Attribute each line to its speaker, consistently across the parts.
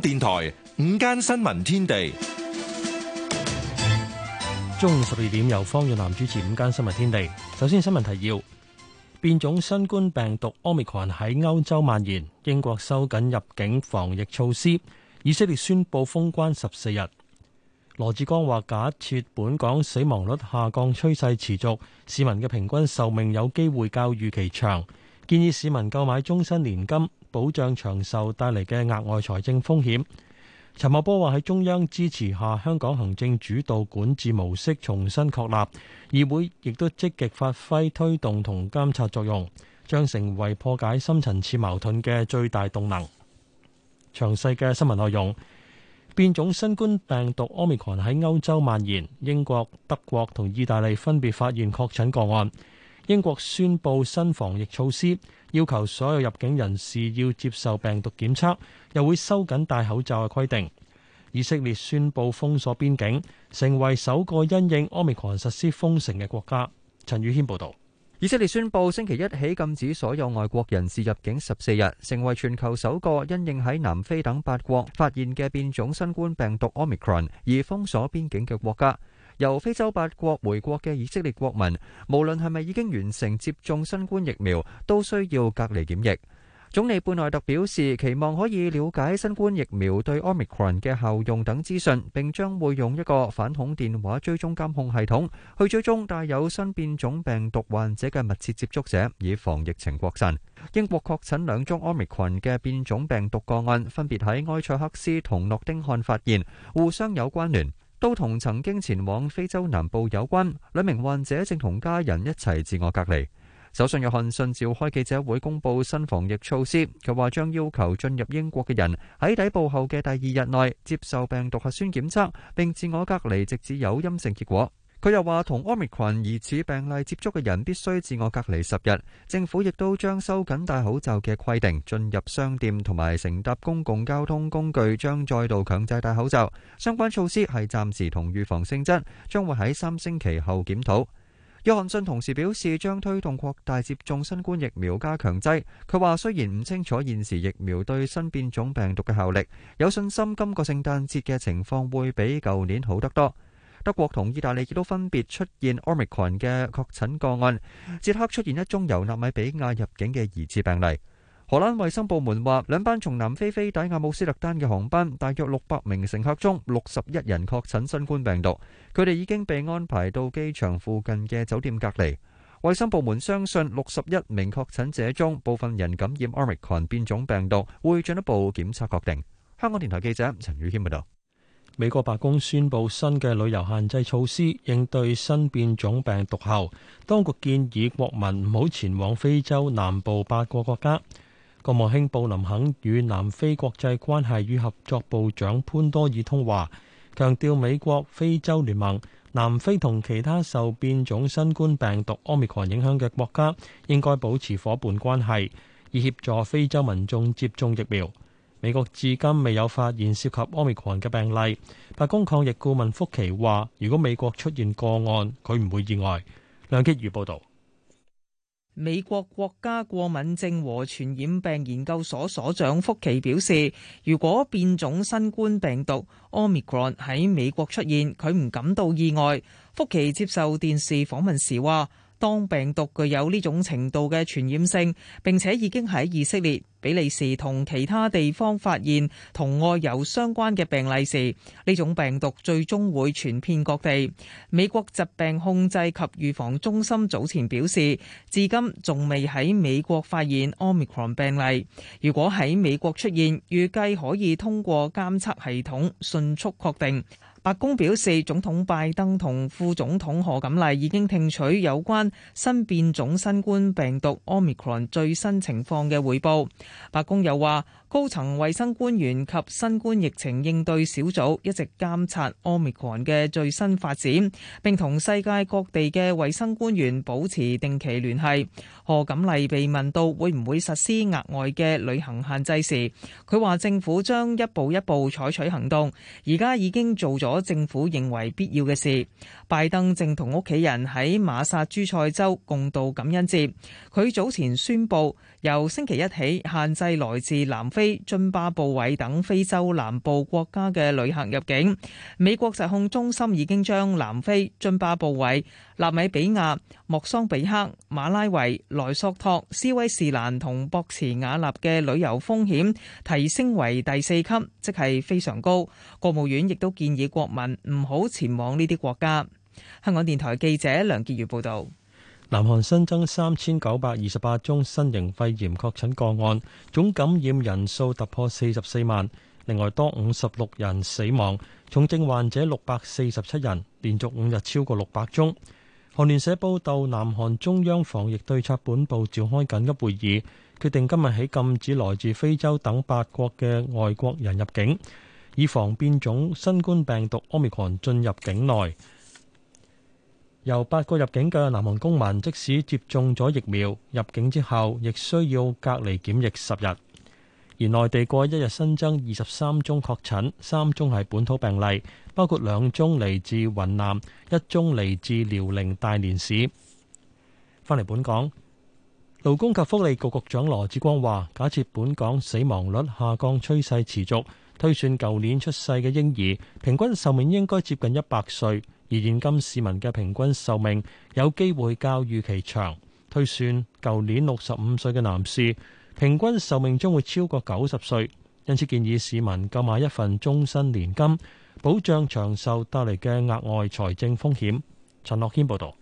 Speaker 1: 電台午間新聞天地，中午十二點由方遠南主持《午間新聞天地》天地。首先，新聞提要：變種新冠病毒 Omicron 喺歐洲蔓延，英國收緊入境防疫措施，以色列宣布封關十四日。羅志光話：假設本港死亡率下降趨勢持續，市民嘅平均壽命有機會較預期長，建議市民購買終身年金。保障長壽帶嚟嘅額外財政風險。陳茂波話喺中央支持下，香港行政主導管治模式重新確立，議會亦都積極發揮推動同監察作用，將成為破解深層次矛盾嘅最大動能。詳細嘅新聞內容，變種新冠病毒 Omicron 喺歐洲蔓延，英國、德國同意大利分別發現確診個案，英國宣布新防疫措施。要求所有入境人士要接受病毒檢測，又會收緊戴口罩嘅規定。以色列宣布封鎖邊境，成為首個因應 omicron 實施封城嘅國家。陳宇謙報道：以色列宣布星期一起禁止所有外國人士入境
Speaker 2: 十四日，成為全球首個因應喺南非等八國發現嘅變種新冠病毒 omicron 而封鎖邊境嘅國家。由非洲八國回國嘅以色列國民，無論係咪已經完成接種新冠疫苗，都需要隔離檢疫。總理貝內特表示，期望可以了解新冠疫苗對 Omicron 嘅效用等資訊，並將會用一個反恐電話追蹤監控系統去追蹤帶有新變種病毒患者嘅密切接觸者，以防疫情擴散。英國確診兩宗 Omicron 嘅變種病毒個案，分別喺埃塞克斯同諾丁漢發現，互相有關聯。都同曾經前往非洲南部有關，兩名患者正同家人一齊自我隔離。首相約翰遜召開記者會公佈新防疫措施，佢話將要求進入英國嘅人喺抵埗後嘅第二日內接受病毒核酸檢測並自我隔離，直至有陰性結果。佢又話，同 Omicron 疑似病例接觸嘅人必須自我隔離十日。政府亦都將收緊戴口罩嘅規定，進入商店同埋乘搭公共交通工具將再度強制戴口罩。相關措施係暫時同預防性質，將會喺三星期後檢討。約翰遜同時表示，將推動擴大接種新冠疫苗加強劑。佢話，雖然唔清楚現時疫苗對新變種病毒嘅效力，有信心今個聖誕節嘅情況會比舊年好得多。德國同意大利亦都分別出現 Omicron 嘅確診個案，捷克出現一宗由納米比亞入境嘅疑似病例。荷蘭衛生部門話，兩班從南非飛抵阿姆斯特丹嘅航班，大約600名乘客中，61人確診新冠病毒，佢哋已經被安排到機場附近嘅酒店隔離。衛生部門相信，61名確診者中，部分人感染
Speaker 1: Omicron 變種病毒，會進一步檢測確定。香港電台記者陳宇謙報道。美國白宮宣布新嘅旅遊限制措施，應對新變種病毒後，當局建議國民唔好前往非洲南部八個國家。國務卿布林肯與南非國際關係與合作部長潘多爾通話，強調美國、非洲聯盟、南非同其他受變種新冠病毒奧密克戎影響嘅國家應該保持伙伴關係，以協助非洲民眾接種疫苗。美國至今未有發現涉及 Omicron 嘅病例。白宮抗疫顧問福奇話，如果美國出現個案，佢唔會意外。梁潔如報導，
Speaker 3: 美國國家過敏症和傳染病研究所所長福奇表示，如果變種新冠病毒 Omicron 喺美國出現，佢唔感到意外。福奇接受電視訪問時話：當病毒具有呢種程度嘅傳染性，並且已經喺以色列、比利時同其他地方發現同外遊相關嘅病例時，呢種病毒最終會傳遍各地。美國疾病控制及預防中心早前表示，至今仲未喺美國發現 Omicron 病例。如果喺美國出現，預計可以通過監測系統迅速確定。白宮表示，總統拜登同副總統賀錦麗已經聽取有關新變種新冠病毒 Omicron 最新情況嘅彙報。白宮又話，高層衛生官員及新冠疫情應對小組一直監察 Omicron 嘅最新發展，並同世界各地嘅衛生官員保持定期聯繫。賀錦麗被問到會唔會實施額外嘅旅行限制時，佢話政府將一步一步採取行動。而家已經做咗政府認為必要嘅事。拜登正同屋企人喺馬薩諸塞州共度感恩節。佢早前宣布由星期一起限制來自南非、津巴布韋等非洲南部國家嘅旅客入境。美國疾控中心已經將南非、津巴布韋……納米比亞、莫桑比克、馬拉維、萊索托、斯威士蘭同博茨瓦納嘅旅遊風險提升為第四級，即係非常高。國務院亦都建議國民唔好前往呢啲國家。香港電台記者梁潔如報
Speaker 1: 導。南韓新增三千九百二十八宗新型肺炎確診個案，總感染人數突破四十四萬，另外多五十六人死亡，重症患者六百四十七人，連續五日超過六百宗。韓聯社報道，南韓中央防疫對策本部召開緊急會議，決定今日起禁止來自非洲等八國嘅外國人入境，以防變種新冠病毒 Omicron 進入境內。由八國入境嘅南韓公民，即使接種咗疫苗，入境之後亦需要隔離檢疫十日。而內地過去一日新增二十三宗確診，三宗係本土病例，包括兩宗嚟自雲南，一宗嚟自遼寧大連市。翻嚟本港，勞工及福利局局長羅致光話，假設本港死亡率下降趨勢持續，推算舊年出世嘅嬰兒平均壽命應該接近一百歲，而現今市民嘅平均壽命有機會較預期長。推算舊年六十五歲嘅男士，平均壽命將會超過九十歲，因此建議市民購買一份終身年金，保障長壽帶嚟嘅額外財政風險。陳樂軒報導。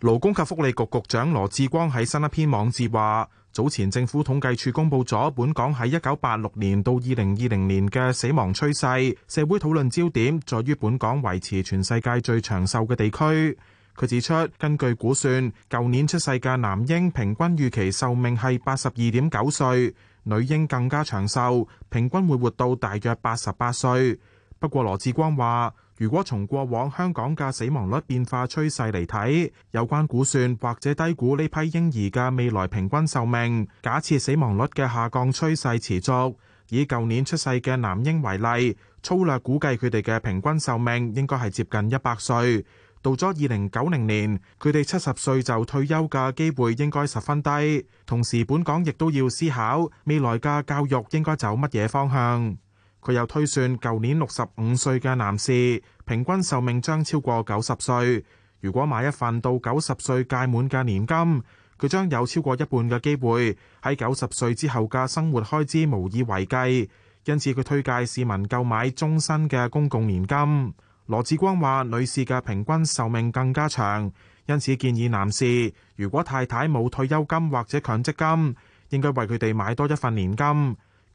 Speaker 4: 勞工及福利局局，局長羅志光喺新一篇網誌話：早前政府統計處公布咗本港喺一九八六年到二零二零年嘅死亡趨勢，社會討論焦點在於本港維持全世界最長壽嘅地區。佢指出，根據估算，舊年出世嘅男嬰平均預期壽命係八十二點九歲，女嬰更加長壽，平均會活到大約八十八歲。不過，羅志光話，如果從過往香港嘅死亡率變化趨勢嚟睇，有關估算或者低估呢批嬰兒嘅未來平均壽命，假設死亡率嘅下降趨勢持續，以舊年出世嘅男嬰為例，粗略估計佢哋嘅平均壽命應該係接近一百歲。到咗二零九零年，佢哋七十歲就退休嘅機會應該十分低。同時，本港亦都要思考未來嘅教育應該走乜嘢方向。佢又推算，舊年六十五歲嘅男士平均壽命將超過九十歲。如果買一份到九十歲屆滿嘅年金，佢將有超過一半嘅機會喺九十歲之後嘅生活開支無以為繼。因此，佢推介市民購買終身嘅公共年金。羅志光話：女士嘅平均壽命更加長，因此建議男士如果太太冇退休金或者強積金，應該為佢哋買多一份年金。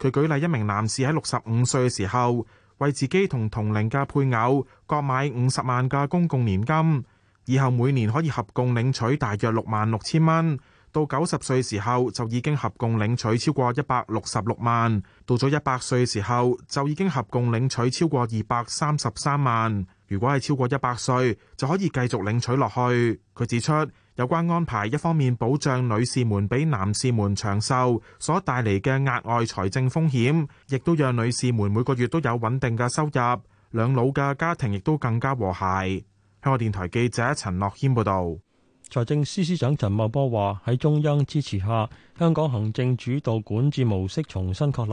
Speaker 4: 佢舉例一名男士喺六十五歲嘅時候，為自己同同齡嘅配偶各買五十萬嘅公共年金，以後每年可以合共領取大約六萬六千蚊。到九十歲時候就已經合共領取超過一百六十六萬，到咗一百歲時候就已經合共領取超過二百三十三萬。如果係超過一百歲，就可以繼續領取落去。佢指出，有關安排一方面保障女士們比男士們長壽所帶嚟嘅額外財政風險，亦都讓女士們每個月都有穩定嘅收入，兩老嘅家庭亦都更加和諧。香港電台記者陳樂謙報道。
Speaker 1: 財政司司長陳茂波話：喺中央支持下，香港行政主導管治模式重新確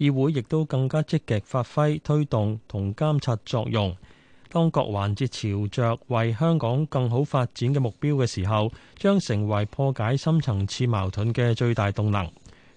Speaker 1: 立，議會亦都更加積極發揮推動同監察作用。當各環節朝着為香港更好發展嘅目標嘅時候，將成為破解深層次矛盾嘅最大動能。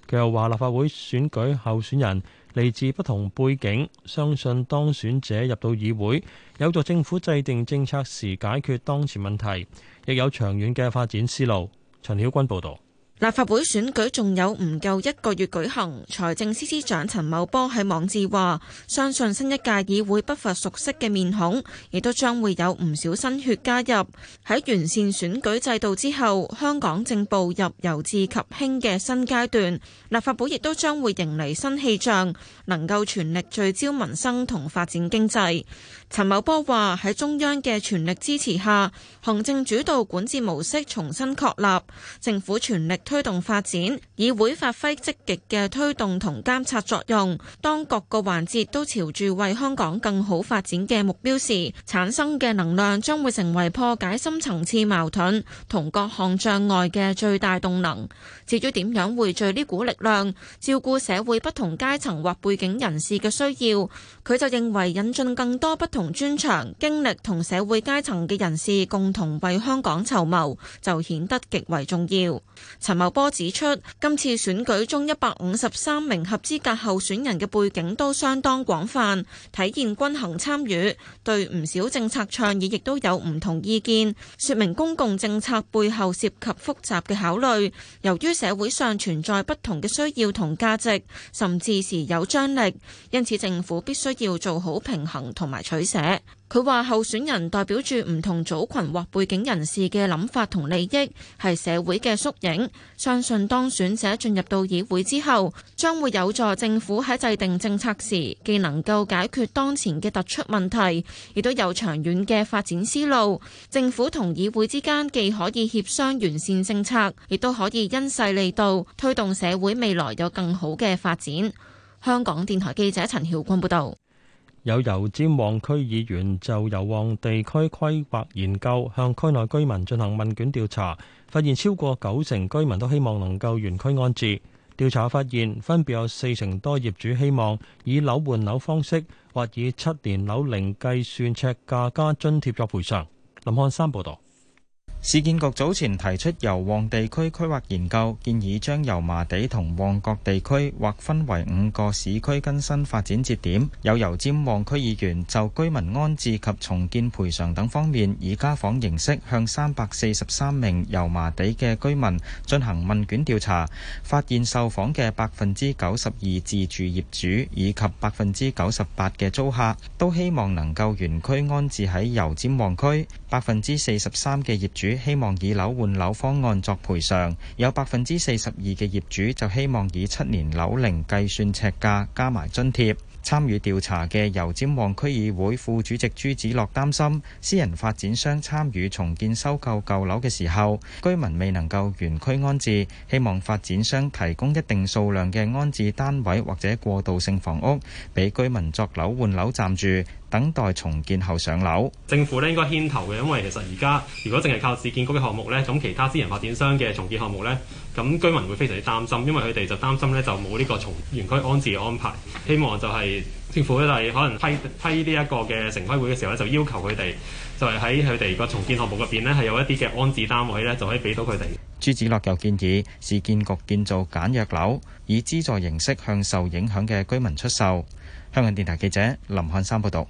Speaker 1: 佢又話：立法會選舉候選人嚟自不同背景，相信當選者入到議會，有助政府制定政策時解決當前問題。亦有長遠嘅發展思路。陳曉君報導，
Speaker 5: 立法會選舉仲有唔夠一個月舉行，財政司司長陳茂波喺網誌話：相信新一屆議會不乏熟悉嘅面孔，亦都將會有唔少新血加入。喺完善選舉制度之後，香港正步入由治及興嘅新階段，立法會亦都將會迎嚟新氣象，能夠全力聚焦民生同發展經濟。陳茂波話：喺中央嘅全力支持下，行政主導管治模式重新確立，政府全力推動發展，議會發揮積極嘅推動同監察作用。當各個環節都朝住為香港更好發展嘅目標時，產生嘅能量將會成為破解深層次矛盾同各項障礙嘅最大動能。至於點樣匯聚呢股力量，照顧社會不同階層或背景人士嘅需要，佢就認為引進更多不同。同專長、經歷同社會階層嘅人士共同為香港籌謀，就顯得極為重要。陳茂波指出，今次選舉中一百五十三名合資格候選人嘅背景都相當廣泛，體現均衡參與，對唔少政策倡議亦都有唔同意見，說明公共政策背後涉及複雜嘅考慮。由於社會上存在不同嘅需要同價值，甚至時有張力，因此政府必須要做好平衡同埋取。佢話：候選人代表住唔同組群或背景人士嘅諗法同利益，係社會嘅縮影。相信當選者進入到議會之後，將會有助政府喺制定政策時，既能夠解決當前嘅突出問題，亦都有長遠嘅發展思路。政府同議會之間既可以協商完善政策，亦都可以因勢利導推動社會未來有更好嘅發展。香港電台記者陳曉君報導。
Speaker 1: 有油尖旺區議員就油旺地區規劃研究，向區內居民進行問卷調查，發現超過九成居民都希望能夠原區安置。調查發現，分別有四成多業主希望以樓換樓方式，或以七年樓齡
Speaker 6: 計算尺價加津貼作賠償。林漢山報導。市建局早前提出油旺地區規劃研究，建議將油麻地同旺角地區劃分為五個市區更新發展節點。有油尖旺區議員就居民安置及重建賠償等方面，以家訪形式向三百四十三名油麻地嘅居民進行問卷調查，發現受訪嘅百分之九十二自住業主以及百分之九十八嘅租客都希望能夠原區安置喺油尖旺區，百分之四十三嘅業主。希望以樓換樓方案作賠償，有百分之四十二嘅業主就希望以七年樓齡計算尺價加埋津貼。參與調查嘅油尖旺區議會副主席朱子樂擔心，私人發展商參與重建收購舊樓嘅時候，居民未能夠原區安置，希望發展商提供一定數量嘅安置單位或者過渡性房屋，俾居民作樓換樓暫住。等待重建後上樓。
Speaker 1: 政府咧應該牽頭嘅，因為其實而家如果淨係靠市建局嘅項目呢，咁其他私人發展商嘅重建項目呢，咁居民會非常之擔心，因為佢哋就擔心呢，就冇呢個原區安置安排。希望就係政府咧，就可能批批呢一個嘅城規會嘅時候咧，就要求佢哋就係喺佢哋個重建項目入邊呢，係有一啲嘅安置單位呢，就可以俾到佢哋。
Speaker 6: 朱子樂又建議市建局建造簡約樓，以資助形式向受影響嘅居民出售。香港電台記者林漢山報道。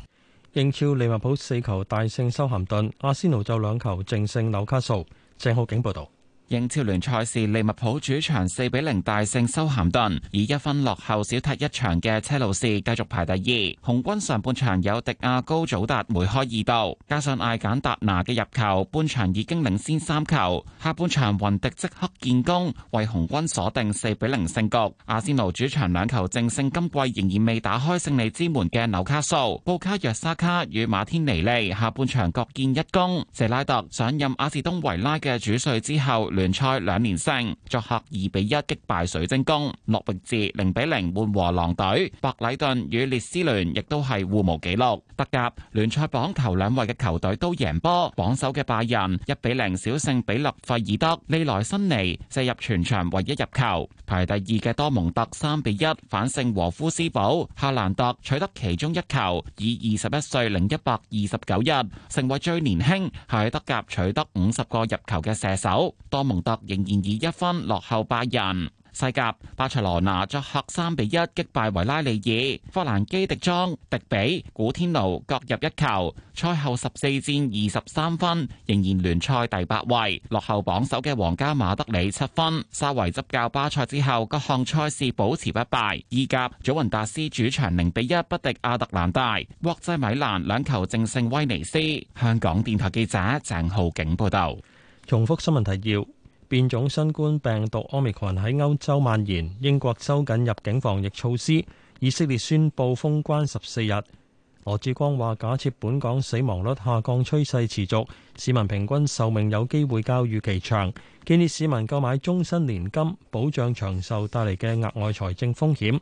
Speaker 1: 英超利物浦四球大勝修咸頓，阿仙奴就兩球淨勝紐卡素。鄭
Speaker 7: 浩景報道。英超聯賽時，利物浦主場四比零大勝修咸頓，以一分落後少踢一場嘅車路士繼續排第二。紅軍上半場有迪亞高祖達梅開二度，加上艾簡達拿嘅入球，半場已經領先三球。下半場雲迪即刻建功，為紅軍鎖定四比零勝局。阿仙奴主場兩球淨勝，今季仍然未打開勝利之門嘅紐卡素，布卡約沙卡與馬天尼利下半場各建一功。謝拉特上任阿士東維拉嘅主帥之後，聯賽兩連勝，作客二比一擊敗水晶宮，諾域治零比零悶和狼隊，白禮頓與列斯聯亦都係互無紀錄。德甲聯賽榜頭兩位嘅球隊都贏波，榜首嘅拜仁一比零小勝比勒費爾德，利萊辛尼射入全場唯一入球。排第二嘅多蒙特三比一反勝和夫斯堡，夏蘭特取得其中一球，以二十一歲零一百二十九日成為最年輕喺德甲取得五十個入球嘅射手。多蒙特仍然以一分落後拜仁。西甲，巴塞羅那作客三比一擊敗維拉利爾。法蘭基迪莊、迪比、古天奴各入一球。賽後十四戰二十三分，仍然聯賽第八位，落後榜首嘅皇家馬德里七分。沙維執教巴塞之後，各項賽事保持不敗。意甲，祖雲達斯主場零比一不敵亞特蘭大。國際米蘭兩球淨勝威尼斯。香港電台記者鄭浩景報道。重複新
Speaker 1: 聞提要：變種新冠病毒 Omicron 喺歐洲蔓延，英國收緊入境防疫措施，以色列宣布封關十四日。羅致光話：假設本港死亡率下降趨勢持續，市民平均壽命有機會較預期長，建議市民購買終身年金，保障長壽帶嚟嘅額外財政風險。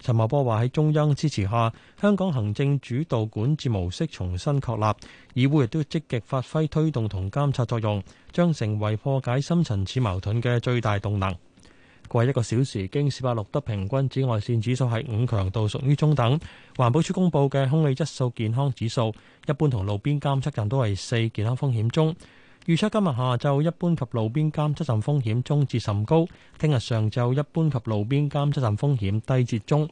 Speaker 1: 陳茂波話喺中央支持下，香港行政主導管治模式重新確立，議會亦都要積極發揮推動同監察作用，將成為破解深層次矛盾嘅最大動能。過去一個小時，京士柏錄得平均紫外線指數係五強度，屬於中等。環保署公布嘅空氣質素健康指數，一般同路邊監測站都係四，健康風險中。預測今日下晝一般及路邊監測站風險中至甚高，聽日上晝一般及路邊監測站風險低至中。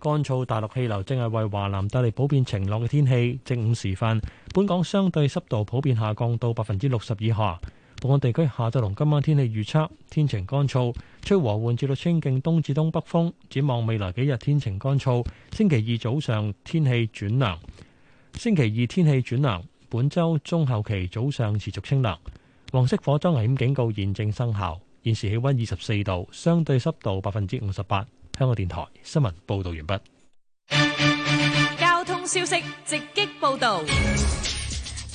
Speaker 1: 乾燥大陸氣流正係為華南帶嚟普遍晴朗嘅天氣。正午時分，本港相對濕度普遍下降到百分之六十以下。本港地區下晝同今晚天氣預測：天晴乾燥，吹和緩至到清勁東至東北風。展望未來幾日天晴乾燥。星期二早上天氣轉涼。星期二天氣轉涼。本周中後期早上持續清涼，黃色火災危險警告現正生效。現時氣溫二十四度，相對濕度百分之五十八。香港電台新聞報道完畢。
Speaker 4: 交通消息直擊
Speaker 1: 報道，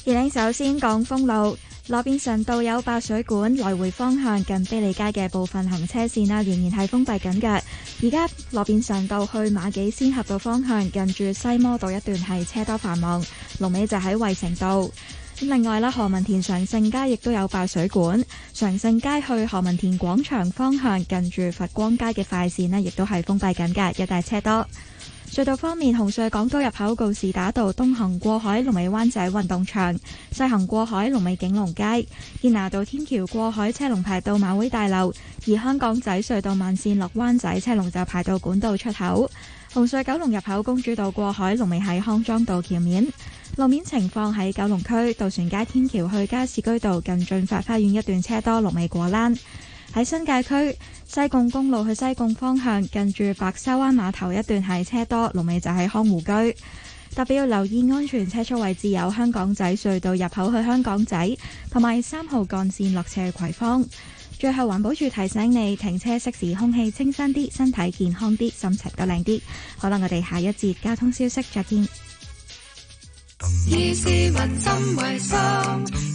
Speaker 8: 先首先講封路。羅便臣道有爆水管，來回方向近卑利街嘅部分行車線啊，仍然係封閉緊㗎。而家羅便臣道去馬己仙峽道方向，近住西摩道一段係車多繁忙，龍尾就喺衛城道。另外啦，何文田常盛街亦都有爆水管，常盛街去何文田廣場方向，近住佛光街嘅快線咧，亦都係封閉緊㗎，一帶車多。隧道方面，紅隧港島入口告士打道東行過海龍尾灣仔運動場，西行過海龍尾景隆街；堅拿道天橋過海車龍排到馬會大樓，而香港仔隧道慢綫落灣仔車龍就排到管道出口。紅隧九龍入口公主道過海龍尾喺康莊道橋面，路面情況喺九龍區渡船街天橋去加士居道近駿發花園一段車多，龍尾果欄。喺新界區西貢公路去西貢方向，近住白沙灣碼頭一段係車多，龍尾就喺康湖居。特別要留意安全車速位置有香港仔隧道入口去香港仔，同埋三號幹線落斜葵芳。最後環保署提醒你，停車熄匙，空氣清新啲，身體健康啲，心情都靚啲。好啦，我哋下一節交通消息再見。
Speaker 5: 以市民心為心。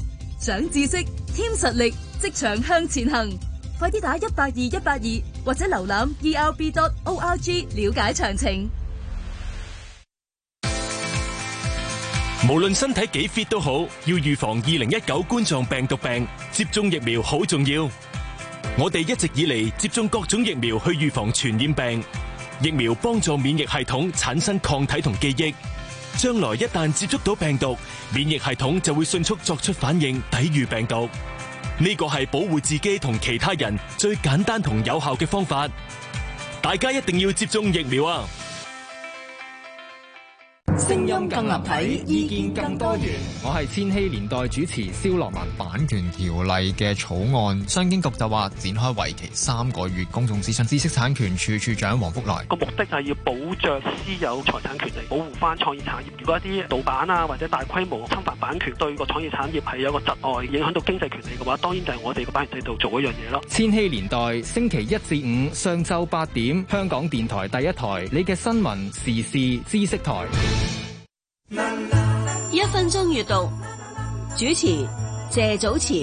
Speaker 3: 長知識，添實力，職場向前行。快啲打一八二一八二或者瀏覽 e r b dot o r g 了解詳情。
Speaker 1: 無論身體幾 fit 都好，要預防2019冠狀病毒病，接種疫苗好重要。我哋一直以嚟接種各種疫苗去預防傳染病，疫苗幫助免疫系統產生抗體同記憶。將來一旦接觸到病毒，免疫系統就會迅速作出反應，抵御病毒。呢個係保護自己同其他人最簡單同有效嘅方法。大家一定要接種疫苗啊！
Speaker 6: 聲音更立體，意見更多元。我係千禧年代主持蕭樂文。《版權條例》嘅草案，商經局就話展開為期三個月公眾諮詢。知識產權處處長黃福來，
Speaker 1: 個目的係要保障私有財產權利，保護翻創意產業。如果一啲盜版啊，或者大規模侵犯版權，對個創意產業係有個窒礙，影響到經濟權利嘅話，當然就係我哋
Speaker 6: 個版權制度做一樣嘢咯。千禧年代星期一至五上晝八點，香港電台第一台，你嘅新聞時事知識台。
Speaker 5: 分鐘閱讀，主持謝祖慈。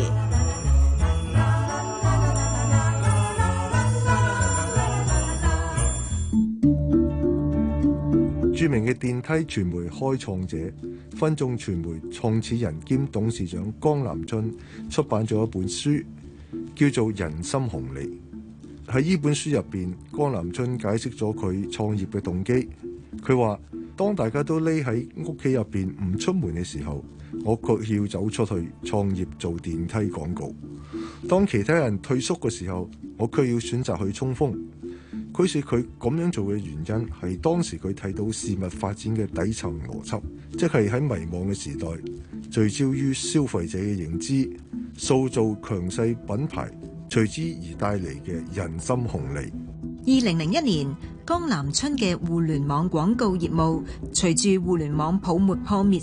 Speaker 2: 著名嘅電梯傳媒開創者、分眾傳媒創始人兼董事長江南春出版咗一本書，叫做《人心紅利》。喺呢本書入邊，江南春解釋咗佢創業嘅動機。佢話。當大家都匿喺屋企入邊唔出門嘅時候，我卻要走出去創業做電梯廣告；當其他人退縮嘅時候，我卻要選擇去衝鋒。佢説佢咁樣做嘅原因係當時佢睇到事物發展嘅底層邏輯，即係喺迷茫嘅時代聚焦於消費者嘅認知，塑造強勢品牌，隨之而帶嚟嘅人心紅利。
Speaker 3: 二零零一年，江南春嘅互聯網廣告業務隨住互聯網泡沫破滅。